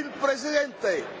il presidente.